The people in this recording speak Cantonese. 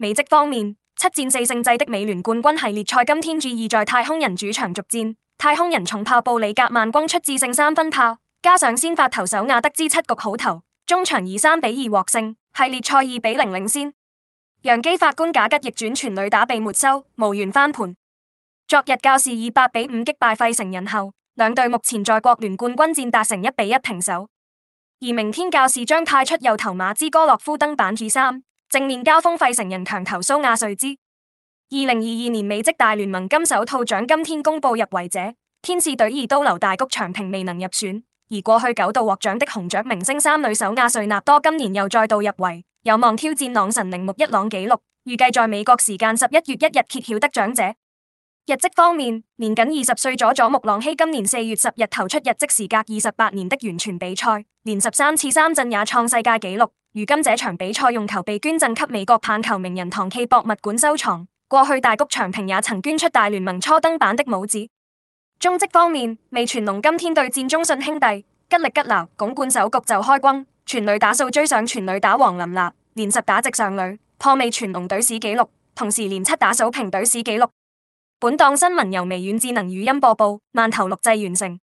美職方面，七戰四勝制的美聯冠軍系列賽今天主二在太空人主場續戰，太空人重炮布里格曼轟出致勝三分炮，加上先發投手亞德茲七局好投，中場以三比二獲勝，系列賽二比零領先。洋基法官賈吉逆轉全壘打被沒收，無緣翻盤。昨日教士以八比五擊敗費城人後，兩隊目前在國聯冠軍戰達成一比一平手，而明天教士將派出右投馬茲哥洛夫登板二三。正面交鋒費城人強投蘇亞瑞茲，二零二二年美職大聯盟金手套獎今天公布入圍者，天使隊二刀流大谷翔平未能入選，而過去九度獲獎的紅掌明星三壘手亞瑞納多今年又再度入圍，有望挑戰朗神鈴木一朗紀錄，預計在美國時間十一月一日揭曉得獎者。日職方面，年僅二十歲佐佐木朗希今年四月十日投出日職時隔二十八年的完全比賽，連十三次三振也創世界紀錄。如今這場比賽用球被捐贈給美國棒球名人堂暨博物館收藏。過去大谷翔平也曾捐出大聯盟初登板的帽子。中職方面，味全龍今天對戰中信兄弟，吉力吉撈·鞏冠首局就開轟，全壘打數追上全壘打王林立，連十打直上壘，破味全龍隊史紀錄，同時連七打掃平隊史紀錄。本檔新聞由微軟智能語音播報，慢投錄製完成。